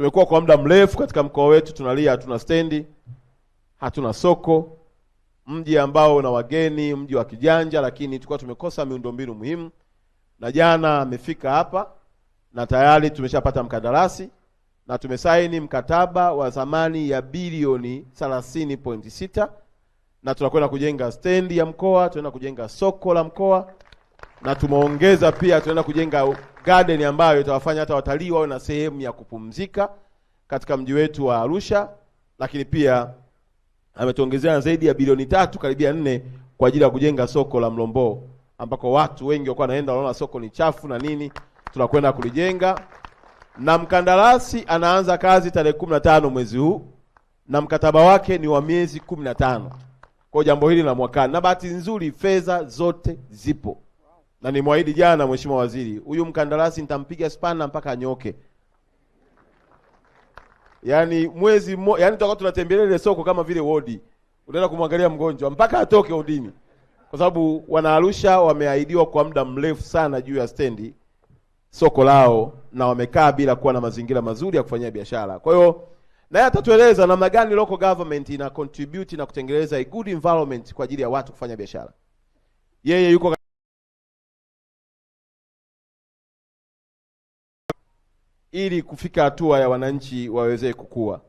Tumekuwa kwa muda mrefu katika mkoa wetu tunalia, hatuna stendi, hatuna soko, mji ambao una wageni, mji wa kijanja, lakini tulikuwa tumekosa miundombinu muhimu. Na jana amefika hapa na tayari tumeshapata mkandarasi na tumesaini mkataba wa thamani ya bilioni 30.6 na tunakwenda kujenga stendi ya mkoa, tunaenda kujenga soko la mkoa na tumeongeza pia, tunaenda kujenga garden ambayo itawafanya hata watalii wawe na sehemu ya kupumzika katika mji wetu wa Arusha, lakini pia ametuongezea zaidi ya bilioni tatu karibia nne kwa ajili ya kujenga soko la Mlombo ambako watu wengi walikuwa wanaenda wanaona soko ni chafu na nini, tunakwenda kulijenga na mkandarasi anaanza kazi tarehe tano mwezi huu na mkataba wake ni wa miezi 15. Kwa jambo hili la mwakani, na bahati nzuri fedha zote zipo na nimwahidi jana mheshimiwa waziri, huyu mkandarasi nitampiga spana mpaka anyoke. Yaani mwezi mmo yaani tutakuwa tunatembelea ile soko kama vile wodi, unaenda kumwangalia mgonjwa mpaka atoke udini kwa sababu wanaarusha wameahidiwa kwa muda mrefu sana juu ya stendi soko lao, na wamekaa bila kuwa na mazingira mazuri ya kufanyia biashara. Kwa hiyo naye atatueleza namna gani local government ina contribute na kutengeneza a good environment kwa ajili ya watu kufanya biashara. Yeye yuko ili kufika hatua ya wananchi waweze kukua.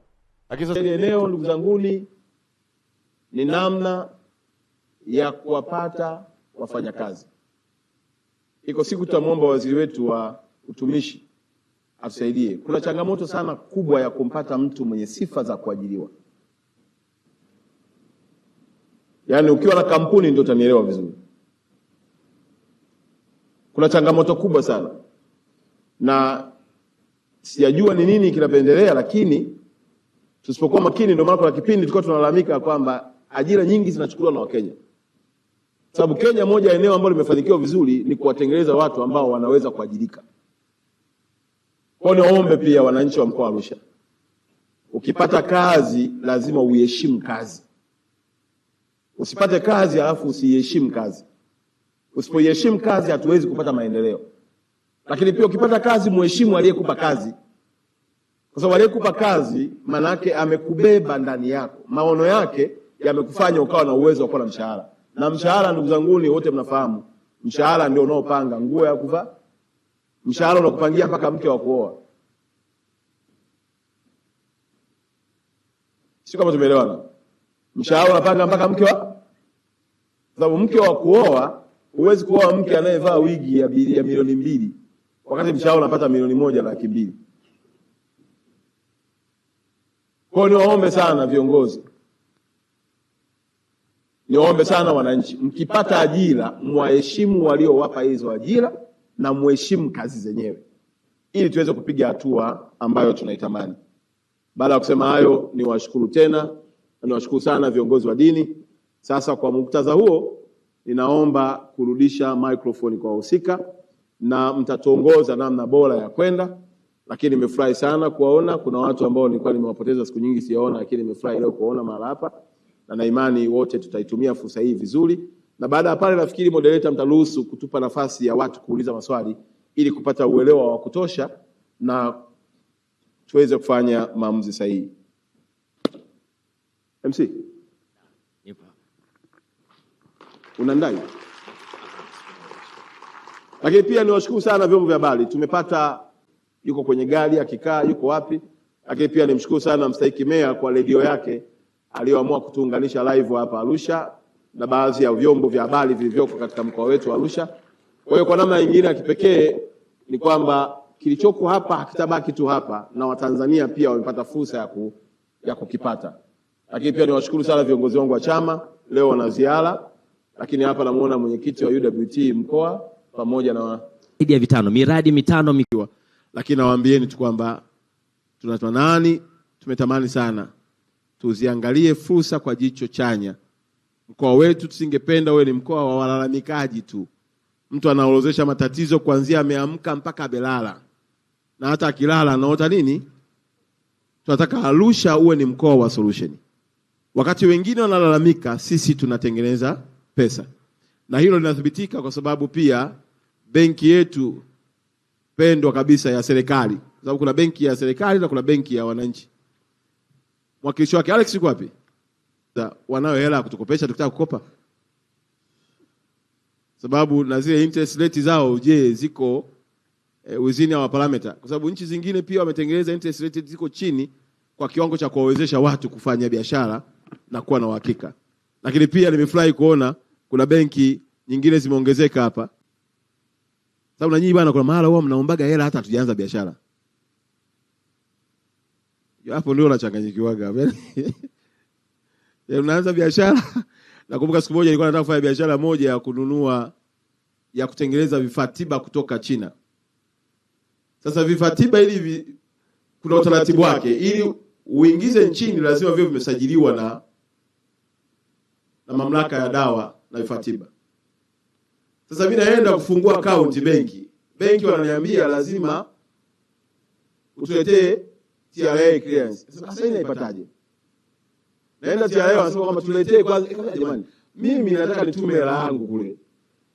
Lakini sasa leo, ndugu zanguni, ni namna ya kuwapata wafanyakazi. Iko siku tutamwomba waziri wetu wa utumishi atusaidie. Kuna changamoto sana kubwa ya kumpata mtu mwenye sifa za kuajiriwa. Yaani ukiwa na kampuni ndio utanielewa vizuri. Kuna changamoto kubwa sana na sijajua ni nini kinapendelea, lakini tusipokuwa makini, ndio maana kuna kipindi tulikuwa tunalalamika kwamba ajira nyingi zinachukuliwa na Wakenya, sababu Kenya, moja ya eneo ambalo limefanikiwa vizuri ni kuwatengeneza watu ambao wanaweza kuajirika. Kwa niwaombe pia wananchi wa mkoa wa Arusha, ukipata kazi lazima uiheshimu kazi, usipate kazi alafu usiiheshimu kazi. Usipoiheshimu kazi, hatuwezi kupata maendeleo. Lakini pia ukipata kazi mheshimu aliyekupa kazi, kwa sababu aliyekupa kazi manake amekubeba ndani yako, maono yake yamekufanya ukawa na uwezo wa kuwa na mshahara. Na mshahara, ndugu zanguni, wote mnafahamu mshahara ndio unaopanga nguo ya kuvaa, mshahara unakupangia mpaka mke wa kuoa. Sio kama tumeelewana? Mshahara unapanga mpaka mke wa, sababu mke wa kuoa, huwezi kuoa mke anayevaa wigi ya, ya milioni mbili wakati mshahara unapata milioni moja laki mbili. Kwa ni niwaombe sana viongozi, niwaombe sana wananchi, mkipata ajira mwaheshimu waliowapa hizo ajira na mheshimu kazi zenyewe, ili tuweze kupiga hatua ambayo tunaitamani. Baada ya kusema hayo, niwashukuru tena, niwashukuru sana viongozi wa dini. Sasa kwa muktadha huo, ninaomba kurudisha microphone kwa wahusika na mtatuongoza namna bora ya kwenda. Lakini nimefurahi sana kuwaona, kuna watu ambao nilikuwa nimewapoteza siku nyingi sijaona, lakini nimefurahi leo kuona mahali hapa, na na imani wote tutaitumia fursa hii vizuri, na baada ya pale nafikiri moderator, mtaruhusu kutupa nafasi ya watu kuuliza maswali ili kupata uelewa wa kutosha na tuweze kufanya maamuzi sahihi. MC, unandai lakini pia niwashukuru sana vyombo vya habari, tumepata yuko kwenye gari akikaa yuko wapi. Lakini pia nimshukuru sana mstahiki meya kwa redio yake aliyoamua kutuunganisha live hapa Arusha na baadhi ya vyombo vya habari vilivyoko katika mkoa wetu wa Arusha. Kwa hiyo kwa namna nyingine ya kipekee ni kwamba kilichoko hapa hakitabaki tu hapa, na Watanzania pia wamepata fursa ya, ku, ya kukipata. Lakini pia niwashukuru sana viongozi wangu wa chama, leo wana ziara, lakini hapa namuona mwenyekiti wa UWT mkoa pamoja na zaidi ya vitano miradi mitano mikiwa, lakini nawaambieni tu kwamba tunatamani tumetamani sana tuziangalie fursa kwa jicho chanya. Mkoa wetu tusingependa uwe ni mkoa wa walalamikaji tu, mtu anaorozesha matatizo kuanzia ameamka mpaka belala na hata akilala anaota nini. Tunataka Arusha uwe ni mkoa wa solution. Wakati wengine wanalalamika, sisi tunatengeneza pesa na hilo linathibitika kwa sababu pia benki yetu pendwa kabisa ya serikali, kwa sababu kuna benki ya serikali na kuna benki ya wananchi. Mwakilishi wake Alex yuko wapi? Wanayo hela ya kutukopesha tukitaka kukopa, sababu na zile interest rate zao, je, ziko e, within our parameter? Kwa sababu nchi zingine pia wametengeneza interest rate ziko chini kwa kiwango cha kuwawezesha watu kufanya biashara na kuwa na uhakika. Lakini pia nimefurahi kuona kuna benki nyingine zimeongezeka hapa. Sababu na nyinyi bwana, kuna mahala huwa mnaombaga hela hata hatujaanza biashara. Hapo ndio nachanganyikiwaga. Yaani. Yaani unaanza biashara. Nakumbuka siku moja nilikuwa nataka kufanya biashara moja ya kununua ya kutengeneza vifaa tiba kutoka China. Sasa vifaa tiba vi, kuna utaratibu wake, ili uingize nchini lazima vio vimesajiliwa na na mamlaka ya dawa na vifaa tiba. Sasa mimi naenda kufungua account benki, benki wananiambia lazima utuletee TRA clearance. Sasa hii naipataje? Naenda TRA wanasema kwamba tuletee kwanza. Jamani, mimi nataka nitume hela yangu kule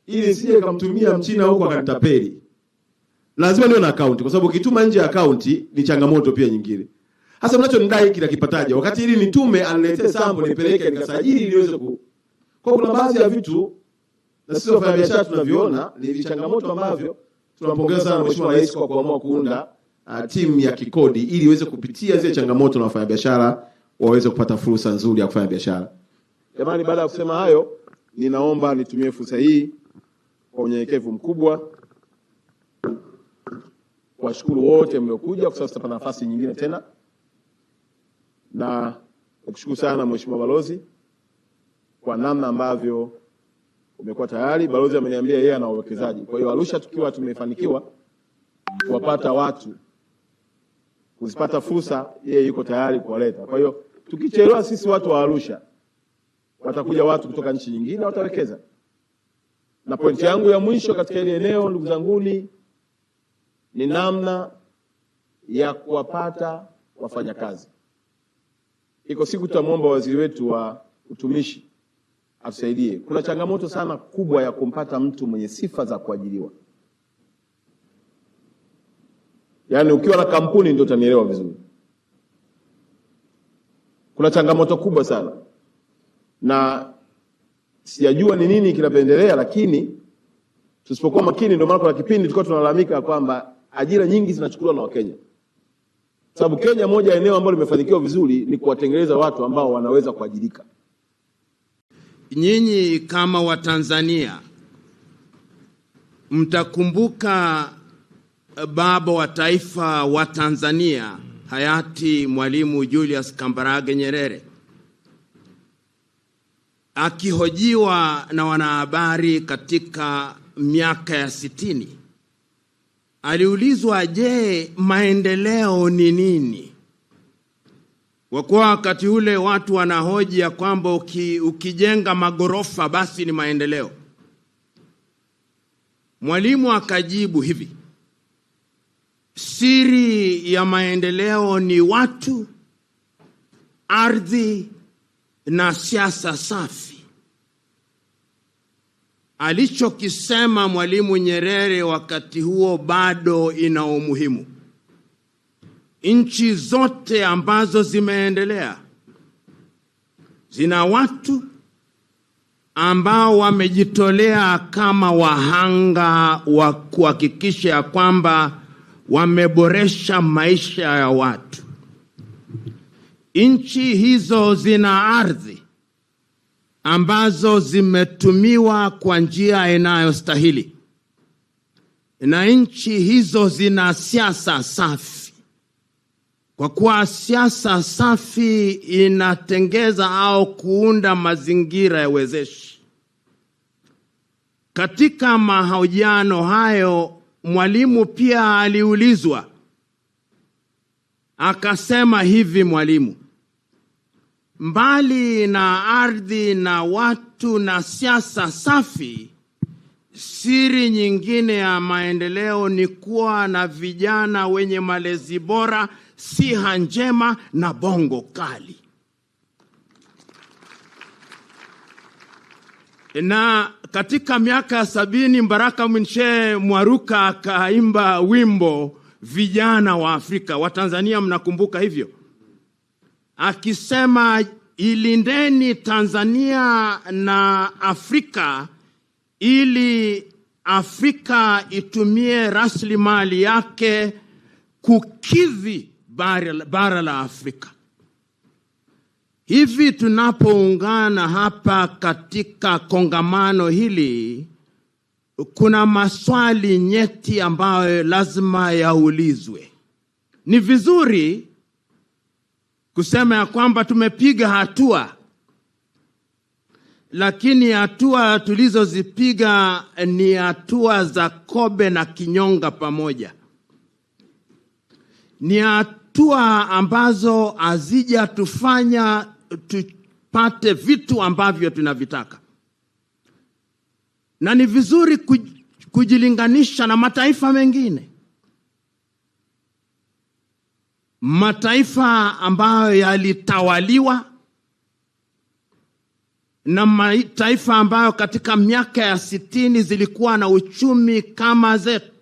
ili sije kamtumia mchina huko akanitapeli. Lazima niwe na account kwa sababu ukituma nje ya account ni changamoto pia nyingine. Hasa mnacho ndai kila kipataje, wakati ili nitume aniletee sample nipeleke nikasajili ili niweze ku kwa kuna baadhi ya vitu na sisi wafanyabiashara tunaviona ni vichangamoto ambavyo tunampongeza sana Mheshimiwa Rais kwa kuamua kuunda uh, timu ya kikodi ili iweze kupitia zile changamoto na wafanyabiashara waweze kupata fursa nzuri ya kufanya biashara. Jamani, baada ya kusema hayo, ninaomba nitumie fursa hii kwa unyenyekevu mkubwa kuwashukuru wote mliokuja, kwa sababu tutapata nafasi nyingine tena, na nakushukuru sana Mheshimiwa Balozi kwa namna ambavyo umekuwa tayari. Balozi ameniambia yeye ana uwekezaji, kwa hiyo Arusha tukiwa tumefanikiwa kuwapata watu kuzipata fursa, yeye yuko tayari kuwaleta. Kwa hiyo tukichelewa sisi watu wa Arusha, watakuja watu kutoka nchi nyingine watawekeza. Na pointi yangu ya mwisho katika ile eneo, ndugu zanguni, ni namna ya kuwapata wafanyakazi. Iko siku tutamwomba waziri wetu wa utumishi atusaidie. Kuna changamoto sana kubwa ya kumpata mtu mwenye sifa za kuajiriwa. Yaani ukiwa na kampuni ndio utanielewa vizuri. Kuna changamoto kubwa sana, na sijajua ni nini kinapendelea, lakini tusipokuwa makini, ndio maana kuna kipindi tulikuwa tunalalamika kwamba ajira nyingi zinachukuliwa na Wakenya, sababu Kenya, moja ya eneo ambalo limefanikiwa vizuri ni kuwatengeneza watu ambao wanaweza kuajirika nyinyi kama Watanzania mtakumbuka eh, baba wa taifa wa Tanzania hayati Mwalimu Julius Kambarage Nyerere akihojiwa na wanahabari katika miaka ya sitini aliulizwa, je, maendeleo ni nini? Kwa kuwa wakati ule watu wanahoji ya kwamba uki, ukijenga magorofa basi ni maendeleo. Mwalimu akajibu hivi, siri ya maendeleo ni watu, ardhi na siasa safi. Alichokisema Mwalimu Nyerere wakati huo bado ina umuhimu. Nchi zote ambazo zimeendelea zina watu ambao wamejitolea kama wahanga wa kuhakikisha ya kwamba wameboresha maisha ya watu. Nchi hizo zina ardhi ambazo zimetumiwa kwa njia inayostahili, na nchi hizo zina siasa safi kwa kuwa siasa safi inatengeza au kuunda mazingira ya wezeshi Katika mahojiano hayo, Mwalimu pia aliulizwa akasema hivi, Mwalimu, mbali na ardhi na watu na siasa safi, siri nyingine ya maendeleo ni kuwa na vijana wenye malezi bora siha njema na bongo kali. Na katika miaka ya sabini Mbaraka Mwinshe Mwaruka akaimba wimbo vijana wa Afrika. Watanzania mnakumbuka hivyo, akisema ilindeni Tanzania na Afrika ili Afrika itumie rasilimali yake kukidhi bara, la Afrika. Hivi tunapoungana hapa katika kongamano hili, kuna maswali nyeti ambayo lazima yaulizwe. Ni vizuri kusema ya kwamba tumepiga hatua, lakini hatua tulizozipiga ni hatua za kobe na kinyonga pamoja, ni hatua hatua ambazo hazijatufanya tupate vitu ambavyo tunavitaka, na ni vizuri kujilinganisha na mataifa mengine, mataifa ambayo yalitawaliwa na mataifa ambayo katika miaka ya sitini zilikuwa na uchumi kama zetu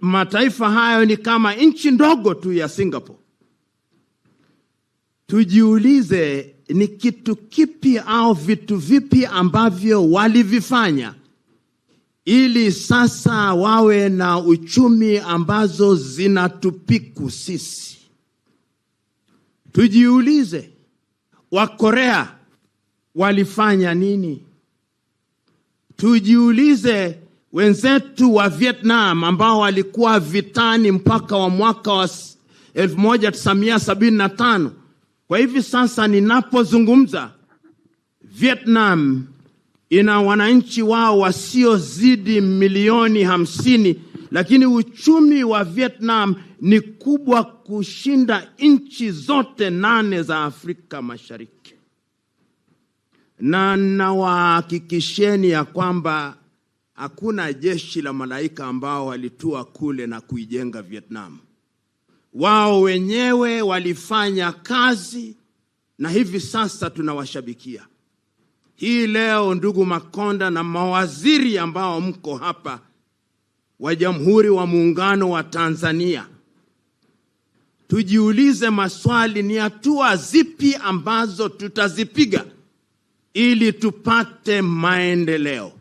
Mataifa hayo ni kama nchi ndogo tu ya Singapore. Tujiulize, ni kitu kipi au vitu vipi ambavyo walivifanya ili sasa wawe na uchumi ambazo zinatupiku sisi? Tujiulize, Wakorea walifanya nini? Tujiulize wenzetu wa Vietnam ambao walikuwa vitani mpaka wa mwaka wa 1975. Kwa hivi sasa ninapozungumza, Vietnam ina wananchi wao wasiozidi milioni hamsini, lakini uchumi wa Vietnam ni kubwa kushinda nchi zote nane za Afrika Mashariki, na nawahakikisheni ya kwamba Hakuna jeshi la malaika ambao walitua kule na kuijenga Vietnam. Wao wenyewe walifanya kazi, na hivi sasa tunawashabikia hii leo. Ndugu Makonda na mawaziri ambao mko hapa wa Jamhuri wa Muungano wa Tanzania, tujiulize maswali, ni hatua zipi ambazo tutazipiga ili tupate maendeleo?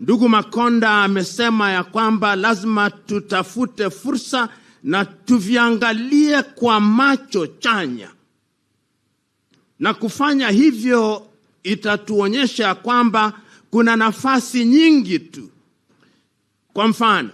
Ndugu Makonda amesema ya kwamba lazima tutafute fursa na tuviangalie kwa macho chanya, na kufanya hivyo itatuonyesha kwamba kuna nafasi nyingi tu. Kwa mfano